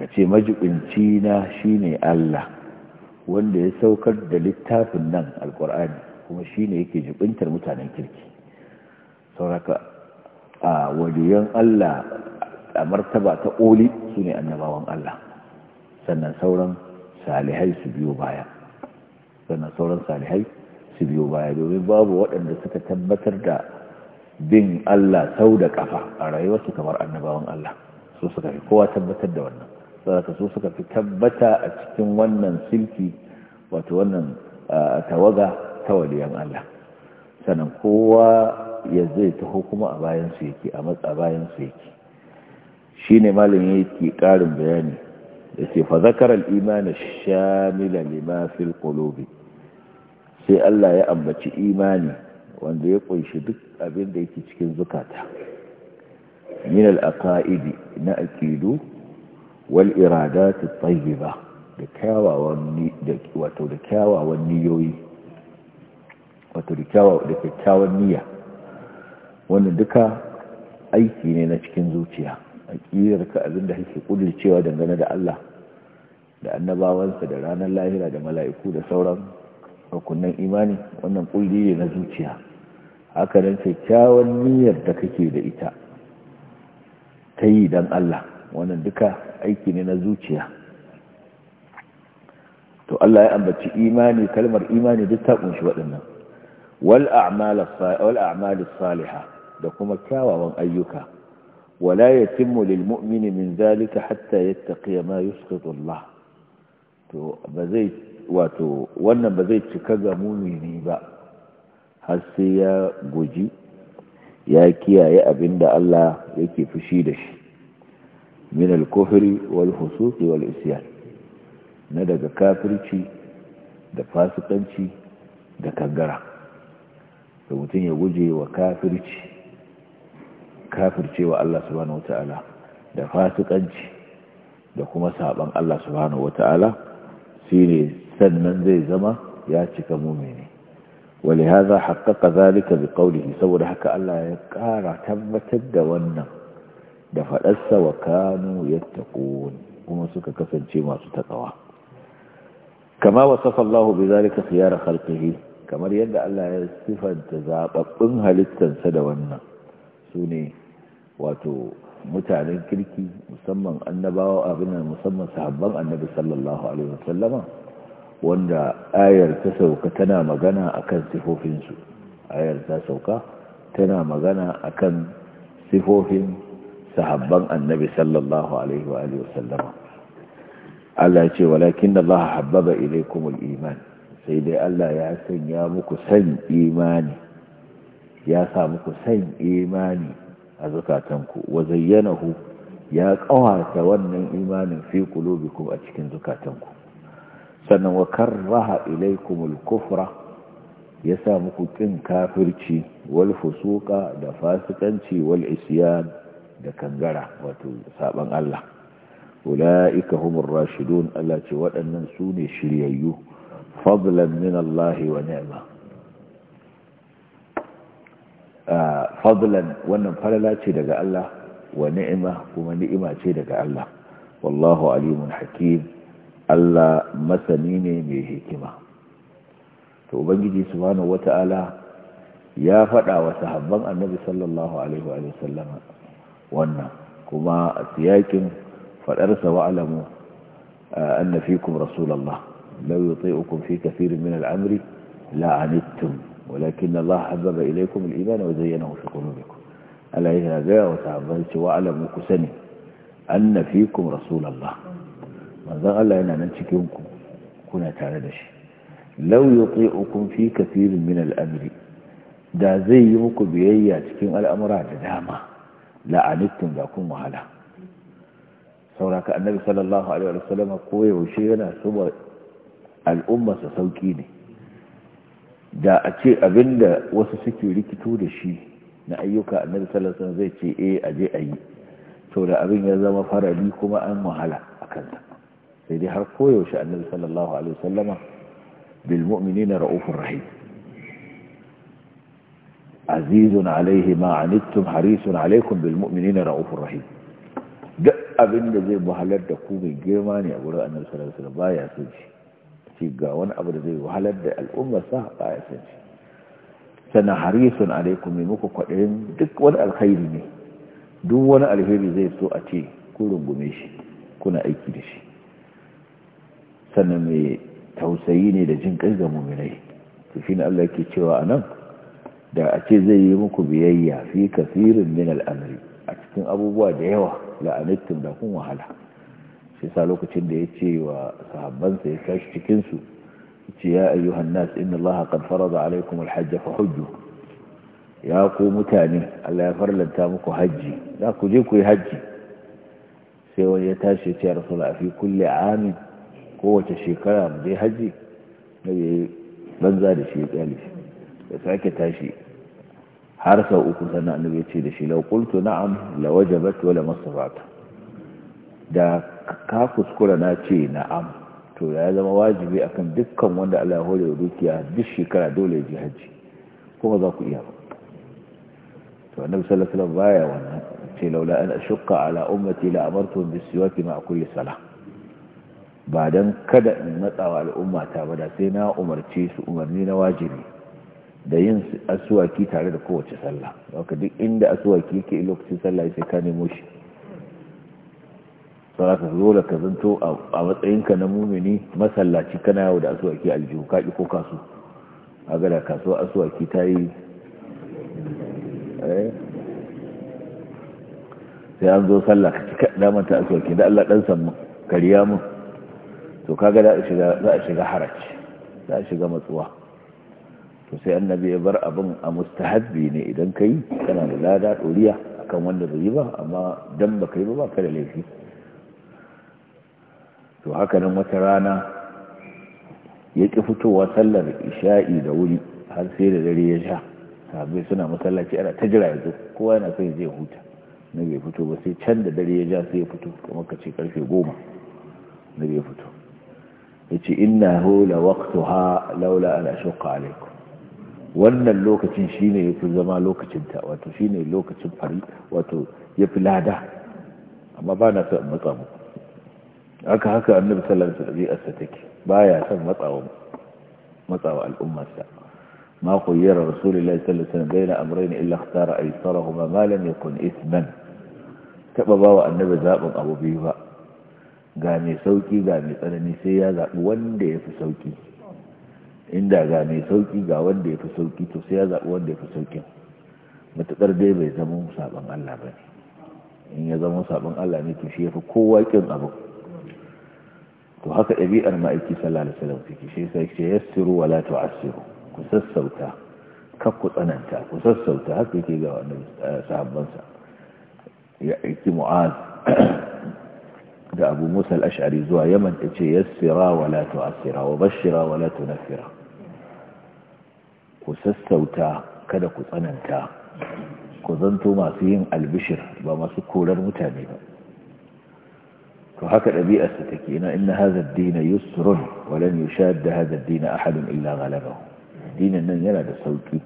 kace majibinci na shine Allah wanda ya saukar da littafin nan alqur'ani kuma shine yake jibintar mutanen kirki sauraka a waliyan Allah a martaba ta koli sune annabawan Allah sannan sauran salihai su biyo baya sannan sauran salihai su biyo baya domin babu waɗanda suka tabbatar da bin Allah sau da ƙafa a rayuwarsu kamar annabawan Allah su suka fi kowa tabbatar da wannan saboda su suka fi tabbata a cikin wannan silki wato wannan tawaga ta waliyan Allah sannan kowa ya zai taho kuma a bayan su yake a matsa bayan su yake shine malin yake ƙarin bayani ke fa zakarar imanin shamila lima fil sai Allah ya ambaci imani wanda ya kunshi duk abin da yake cikin zukata min al-aqaidi na aqidu wal iradat at-tayyiba da kyawawan ni da wato da kyawawan niyoyi wato da kyawaw da kyawawan niyya wannan duka aiki ne na cikin zuciya aqidar ka abin da kake kudircewa dangane da Allah da annabawansa da ranar lahira da mala'iku da sauran rukunan imani wannan kulli ne na zuciya haka nan kyakkyawan niyyar da kake da ita ta yi don Allah wannan duka aiki ne na zuciya to Allah ya ambaci imani kalmar imani duk ta kunshi waɗannan wal a'malis salihah da kuma kyawawan ayyuka wala yatimmu lil mu'mini min zalika hatta yattaqiya ma yusqitu Allah to ba zai wato wannan ba zai cika ga mumini ba har sai ya guji ya kiyaye abin da Allah yake fushi da shi min al-kufri wal husuqi wal isyan na daga kafirci da fasikanci da kangara da mutum ya guje wa kafirci kafircewa Allah subhanahu wata'ala da fasikanci da kuma saban Allah subhanahu wata'ala shine sannan zai zama ya cika mumini wali haza haƙaƙa zalika bi ƙaunihi saboda haka Allah ya ƙara tabbatar da wannan da faɗarsa wa kanu ya kuma suka kasance masu taƙawa kama wasafa Allah bi zalika khiyara khalqihi kamar yadda Allah ya sifanta zaɓaɓɓun halittansa da wannan sune wato mutanen kirki musamman annabawa abin musamman sahabban annabi sallallahu alaihi wasallama wanda ayar ta sauka tana magana akan sifofinsu ayar ta sauka tana magana akan sifofin sahabban annabi sallallahu alaihi wa alihi wasallama Allah ce walakin Allah habbaba ilaykumul iman sai dai Allah ya sanya muku san imani ya sa muku san imani a zukatanku wa zayyanahu ya kawata wannan imanin fi qulubikum a cikin zukatanku sannan wa karraha al kufra ya sa muku kin kafirci wal fusuqa da fasikanci wal isyan da kangara wato saban Allah ulaika humur rashidun Allah ce waɗannan su ne shiryayyu fadlan min Allah wa ni'ma fadlan wannan falala ce daga Allah wa ni'ma kuma ni'ima ce daga Allah wallahu alimun hakim Allah masani ne mai hikima to ubangiji subhanahu wata'ala ya faɗa wa sahabban annabi sallallahu alaihi wa sallam wannan kuma a siyakin faɗarsa wa alamu anna fikum rasulullah law yuti'ukum fi kathirin min al-amri la anittum walakin Allah habbaba ilaykum al-iman wa zayyanahu fi qulubikum ala yana ga wa sahabban wa alamu kusani anna fikum rasulullah manzon Allah yana nan cikin ku kuna tare da shi law yuti'ukum fi kathirin min al'amri da zai yi muku biyayya cikin al'amura da dama la'anittum da kun wahala sauraka annabi sallallahu alaihi wasallam ko yaushe yana so al'ummarsa sauki ne da a ce abinda wasu suke rikito da shi na ayyuka annabi sallallahu alaihi wasallam zai ce eh aje ayi to da abin ya zama farali kuma an wahala akan sa sai dai har koyaushe annabi sallallahu alaihi wasallama bil mu'minina ra'ufur rahim azizun alaihi ma anittum harisun alaikum bil mu'minina ra'ufur rahim duk abin da zai wahalar da ku mai girma ne a gurin annabi sallallahu alaihi wasallam baya so shi ce ga wani abu da zai wahalar da al'umma sa baya so shi sannan harisun alaikum mai muku kwaɗayin duk wani alkhairi ne duk wani alkhairi zai so a ce ku rungume shi kuna aiki da shi sannan mai tausayi ne da jin kai muminai to shine Allah yake cewa anan da a ce zai yi muku biyayya fi kafirin min al'amari a cikin abubuwa da yawa la'anittun da kun wahala shi sa lokacin da ya ce wa sahabbansa ya tashi cikinsu ce ya ayyuhan nas inna allaha qad farada alaykum alhajj fa hujju ya ku mutane Allah ya farlanta muku hajji za ku je ku yi hajji sai wani ya tashi ya ce rasul a fi kulli amin kowace shekara mu je haji na ya banza da shi ya kyale shi ya sake tashi har sau uku sannan annabi ya ce da shi laukultu na'am la wajabat wala masarata da ka kuskura na ce na'am to ya zama wajibi akan dukkan wanda Allah ya hore dukiya duk shekara dole ya je haji kuma za ku iya ba to annabi sallallahu alaihi wasallam baya wannan ce laula an ashqa ala ummati la amartu bis siwaki ma kulli salah ba don kada in matsawa al'umma ta ba da sai na umarce su umarni na wajiri da yin asuwaki tare da kowace sallah haka duk inda asuwaki yake lokacin sallah sai ka nemo shi sau ka zo da ka zanto a matsayinka na mumini masallaci kana yawo da asuwaki aljihu kaƙi ko kasu a gada kasuwa asuwaki ta yi eh, sai an zo sallah ka ci kaɗa manta asuwaki da allah ɗan kariya mun to kaga za a shiga haraci za a shiga matsuwa to sai annabi ya bar abun a mustahabbi ne idan kayi kana da lada doriya akan wanda bai yi ba amma dan ba kai yi ba da laifi to haka nan wata rana ya ki fitowa sallar isha'i da wuri har sai da dare ya sha sabai suna masallaci ana ta jira yanzu kowa yana son zai huta na bai fito ba sai can da dare ya ja sai ya fito kamar ka ce karfe goma na bai fito yace innahu la waqtuha laula an ashqa alaykum wannan lokacin shine yafi zama lokacin ta wato shine lokacin fari wato yafi lada amma ba na son matsa mu haka haka annabi sallallahu alaihi wasallam ɗabi'arsa take baya son matsawa matsawa al'ummarsa ma khayyara rasulullahi sallallahu alaihi wasallam baina amrayn illa ikhtara aysarahuma ma lam yakun ithman taba bawa annabi zabin abu biyu ba ga mai sauki ga mai tsanani sai ya zaɓi wanda ya fi sauki inda ga mai sauki ga wanda ya fi sauki to sai ya zaɓi wanda ya fi saukin matuƙar dai bai zama saɓon Allah ba in ya zama saɓon Allah ne to shi ya fi kowa ƙin abu to haka ɗabi'ar ma'aiki sallallahu alaihi wasallam take shi sai ce yassiru wala tu'assiru ku sassauta kar ku tsananta ku sassauta haka yake ga wannan eh, sahabbansa ya aiki mu'az daga abu musa al'ashari zuwa yaman ta ce yassira wa la tu'assira wa bashira wa la tunaffira ku sassauta kada ku tsananta ku zanto masu yin albishir ba masu korar mutane ba to haka ɗabi'arsa take na inna na ad-din yusrun wa lan yushadda hadha dina ahadun illa ghalabahu dinin nan yana da sauki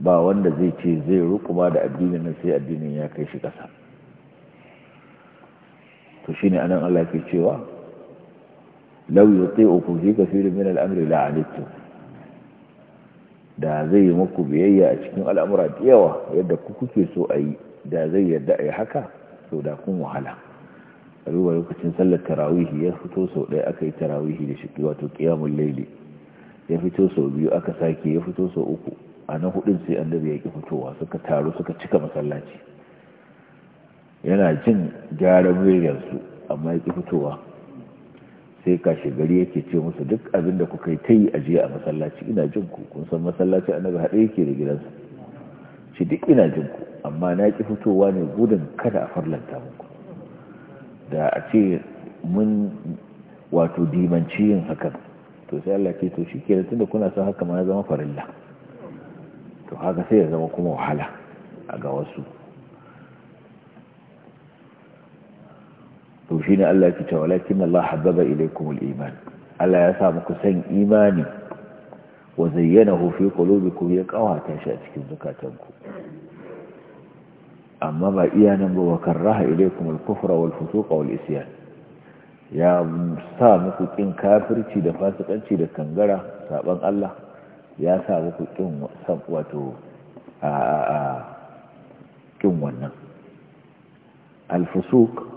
ba wanda zai ce zai rukuba da addinin nan sai addinin ya kai shi kasa to shine anan Allah ke cewa law yuti'ukum fi kathirin min al-amri la'anittum da zai yi muku biyayya a cikin al'amura da yadda ku kuke so a yi da zai yadda a yi haka so da kun wahala a ruwa lokacin sallar tarawihi ya fito sau ɗaya aka yi tarawihi da shi wato kiyamun laili ya fito sau biyu aka sake ya fito sau uku a na hudun sai annabi ya ki fitowa suka taru suka cika masallaci yana jin gyaran su amma ya ƙi fitowa sai kashe gari yake ce musu duk abin da kuka yi ta yi ajiye a masallaci ina jin ku kun san masallaci annabi haɗe yake da gidansa shi duk ina jin ku amma na ƙi fitowa ne gudun kada a farlanta muku da a ce mun wato dimanci yin hakan to sai Allah ke to shi ke tun da kuna son haka ma ya zama farilla to haka sai ya zama kuma wahala a ga wasu to ne Allah yake cewa walakin Allah habbaba ilaykumul iman Allah ya sa muku san imani wa zayyanahu fi qulubikum ya kawata shi a cikin zukatanku amma ba iya nan ba wa karraha al kufra wal fusuqa wal isyan ya sa muku kin kafirci da fasikanci da kangara saban Allah ya sa muku kin wato a kin wannan al fusuq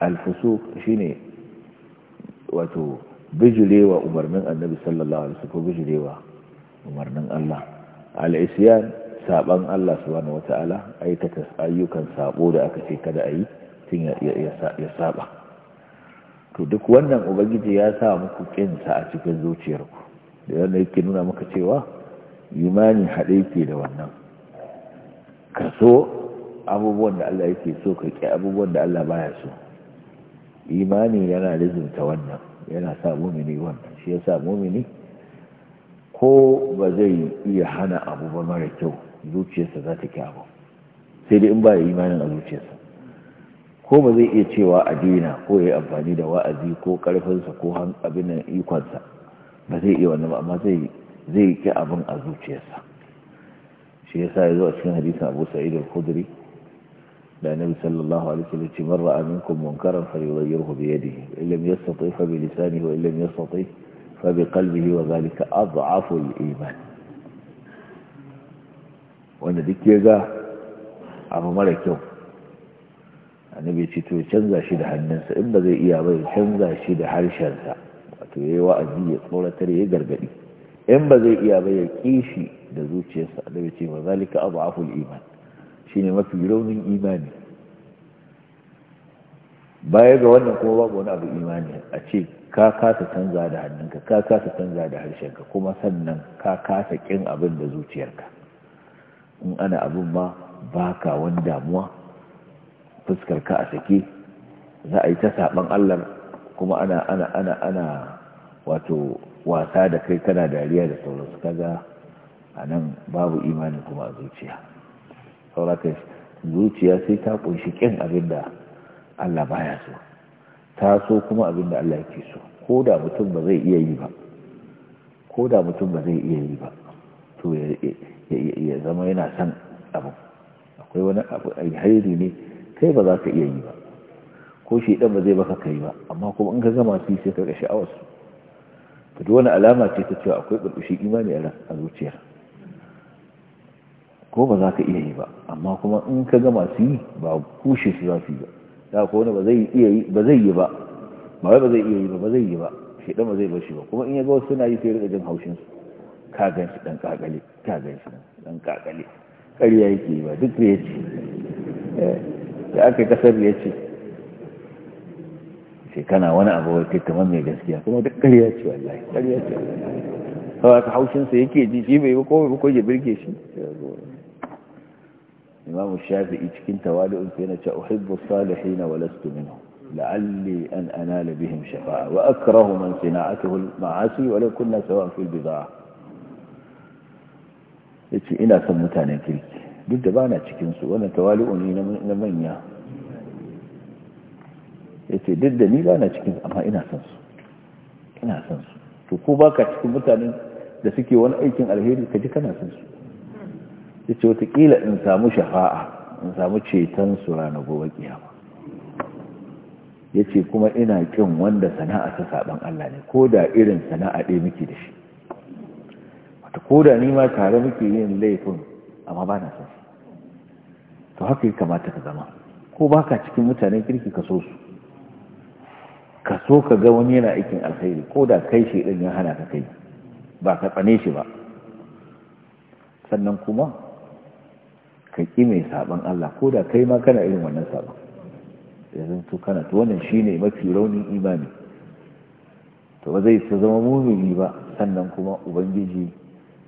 alfusu shine wato bijirewa umarnin annabi sallallahu alaihi wasallam bijirewa umarnin Allah al-isyan saban Allah subhanahu wata'ala aikata ayyukan sabo da aka ce kada ayi tun ya saba to duk wannan ubangiji ya sa muku ƙinsa a cikin zuciyarku da yadda yake nuna maka cewa imani haɗe ke da wannan ka so abubuwan da Allah yake so ka ƙi abubuwan da Allah baya so imani yana lizinta wannan yana sa mumini wannan shi ya sa mumini ko ba zai iya hana abu ba mara kyau zuciyarsa za ta abu sai dai in ba imanin a zuciyarsa ko ba zai iya cewa a dina ko ya yi amfani da wa'azi ko karfinsa ko abin ikonsa ba zai iya wannan ba amma zai zai ki abin a zuciyarsa shi ya sa ya zo a cikin hadisin abu sa'idar kudiri da annabi sallallahu alaihi wasallam ce man ra'a minkum munkaran falyughayyirhu bi yadihi illam yastati fa bi lisanihi wa illam yastati fa bi qalbihi wa zalika adhafu al-iman wanda duk ya ga abu mara kyau annabi ce to canza shi da hannunsa in ba zai iya ba ya canza shi da harshensa wato yayi wa'azi ya tsoratar ya gargadi in ba zai iya ba ya kishi da zuciyarsa annabi ce wa zalika adhafu al-iman shine mafi raunin imani baya ga wannan kuma babu wani abu imani a ce ka kasa canza da hannunka ka kasa canza da harshenka kuma sannan ka kasa kin abin da zuciyarka in ana abin ma baka wani damuwa fuskarka a sake za a yi ta saban Allah kuma ana ana ana ana wato wasa da kai kana dariya da sauransu kaga a nan babu imani kuma a zuciya sauraka zuciya sai ta kunshi kin abinda da Allah baya so ta so kuma abinda da Allah yake so ko da mutum ba zai iya yi ba ko mutum ba zai iya yi ba to ya zama yana san abu akwai wani abu hairi ne kai ba za ka iya yi ba ko shi dan ba zai baka kai ba amma kuma in ka gama shi sai ka ga sha'awar su to wani alama ce ta cewa akwai burbushi imani a zuciyar ko ba za ka iya yi ba amma kuma in ka gama su yi ba kushe su za su yi ba da ko wani ba zai yi ba ba wai ba zai iya yi ba ba zai yi ba shi dan ba zai bar shi ba kuma in ya ga wasu suna yi sai rika jin haushin su ka gan shi dan kakale ka gan shi dan kakale ƙarya yake yi ba duk da yace da aka kasar ya ce sai kana wani abu wai kai kamar mai gaskiya kuma duk ƙarya ce wallahi ƙarya ce wallahi saboda haushin sa yake ji shi bai ba ko bai ko ya birge shi imam shafi'i cikin tawali'un sai yana cewa uhibbu salihin wa lastu minhum la'alli an anala bihim shafa'a wa akrahu man sina'atuhu al-ma'asi wa law kunna sawa'an fil bid'ah yace ina son mutanen kirki duk da bana cikin su wannan tawali'un ne na manya yace duk da ni bana cikin amma ina son su ina son su to ko baka cikin mutanen da suke wani aikin alheri kaji kana son su ya ce watakila in samu shafa'a in samu ceton su rana gobe kiyama ya ce kuma ina kin wanda sana'a ta saɓan Allah ne ko da irin sana'a ɗaya muke da shi wata ko da nima tare muke yin laifin amma ba na san to haka yi kamata ka zama ko ba ka cikin mutanen kirki ka so su ka so ka ga wani yana aikin alkhairi ko da kai shi ɗin ya hana ka kai ba ka tsane shi ba sannan kuma ka ƙi mai saban Allah ko da kai ma kana irin wannan saban ya to kana to wannan shi ne mafi raunin imani to ba zai zama mumini ba sannan kuma ubangiji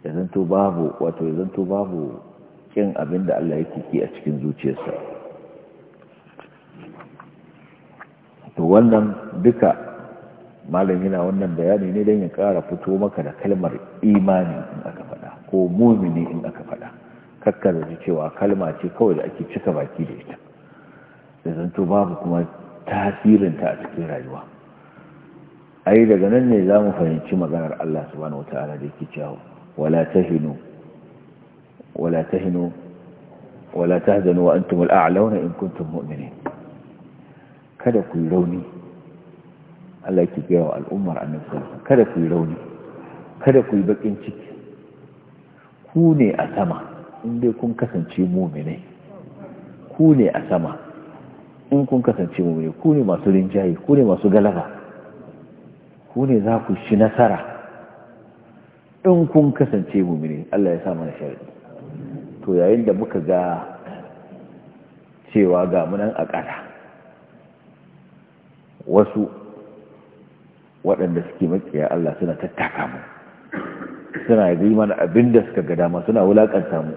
ya to babu wato ya to babu kin abin da Allah yake ki a cikin zuciyarsa to wannan duka malam yana wannan bayani ne don ya ƙara fito maka da kalmar imani in aka faɗa ko mumini in aka faɗa kakkar da cewa kalma ce kawai da ake cika baki da ita da zanto babu kuma tasirinta a cikin rayuwa ai daga nan ne za mu fahimci maganar Allah subhanahu wata'ala da yake cewa wala tahinu wala tahinu wala tahzanu wa antum al'a'launa in kuntum mu'minin kada ku rauni Allah yake cewa al'ummar annabi sallallahu kada ku rauni kada ku yi bakin ciki ku ne a sama in dai kun kasance muminai ku ne a sama in kun kasance muminai ku ne masu rinjaye ku ne masu galaba ku ne za ku shi nasara in kun kasance muminai Allah ya sa mana sharadi to yayin da muka ga cewa ga munan a ƙasa wasu waɗanda suke makiya Allah suna tattaka mu suna yi mana abin da suka ga dama suna wulaƙanta mu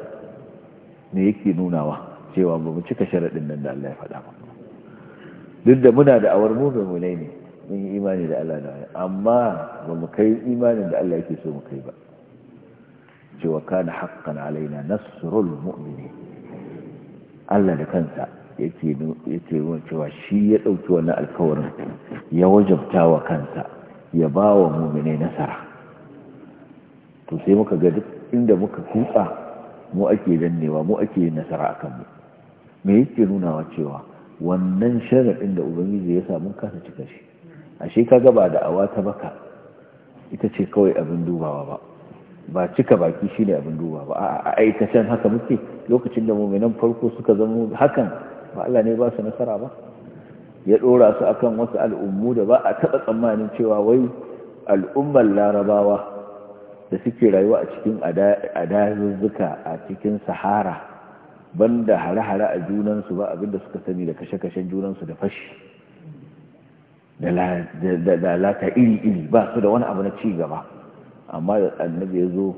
ne yake nunawa cewa ba mu cika sharaɗin nan da Allah ya faɗa ba duk da muna da awar mu mu ne mun yi imani da Allah da amma ba mu kai imanin da Allah yake so mu kai ba cewa kana haqqan alaina nasrul mu'mini Allah da kansa yake yake mun cewa shi ya dauki wannan alkawarin ya wajabta wa kansa ya ba wa mu'mini nasara to sai muka ga duk inda muka kutsa mu ake dannewa mu ake nasara a kanmu me yake nunawa cewa wannan sharaɗin da ubangiji ya samu kasa cika shi ashe ka gaba da awa ta baka ita ce kawai abin dubawa ba ba cika baki shi ne abin dubawa ba a aikacen haka muke lokacin da muminan farko suka zama hakan ba Allah ne ba su nasara ba ya ɗora su akan wasu al'ummu da ba a taɓa tsammanin cewa wai al'ummar larabawa da suke rayuwa a cikin adazuzzuka a cikin sahara banda hare-hare a junansu ba abinda suka sani da kashe-kashen junansu da fashi da lata iri-iri ba su da wani abu na ci gaba amma da annabi ya zo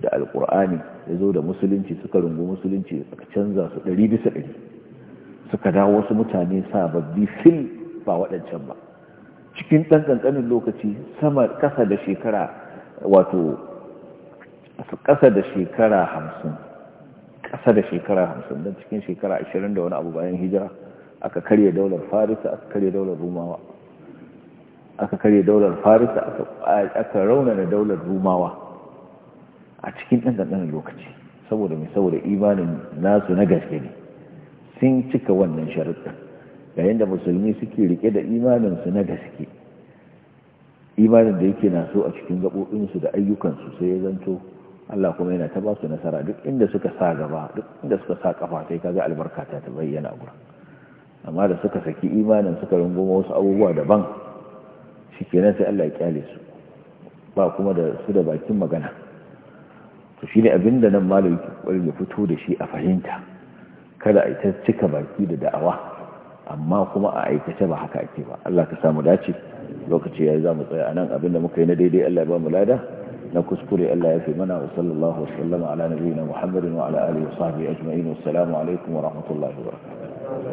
da alkur'ani ya zo da musulunci suka rungu musulunci suka canza su ɗari bisa ɗari suka dawo wasu mutane sababbi fil ba waɗancan ba cikin ɗan ƙanƙanin lokaci sama ƙasa da shekara wato ƙasa da shekara hamsin ƙasa da shekara hamsin don cikin shekara ashirin da wani abu bayan hijira aka karye daular farisa aka karye daular rumawa aka karye daular farisa aka raunana daular rumawa a cikin ɗan lokaci saboda mai saboda imanin nasu na gaske ne sun cika wannan sharuɗin yayin da musulmi suke rike da imaninsu na gaske imanin da yake naso a cikin gaɓoɓinsu da ayyukansu sai ya zanto Allah kuma yana ta ba su nasara duk inda suka sa gaba duk inda suka sa kafa sai kaga albarka ta bayyana a gurin amma da suka saki imanin suka rungumo wasu abubuwa daban shikenan sai Allah ya kyale su ba kuma da su da bakin magana to shine da nan malami kwarin ya fito da shi a fahimta kada a ita cika baki da da'awa amma kuma a aikace ba haka ake ba Allah ka samu dace lokaci yayi za mu tsaya anan da muka yi na daidai Allah ya ba mu lada نكسكري ألا يفهمنا وصلى الله وسلم على نبينا محمد وعلى آله وصحبه أجمعين والسلام عليكم ورحمة الله وبركاته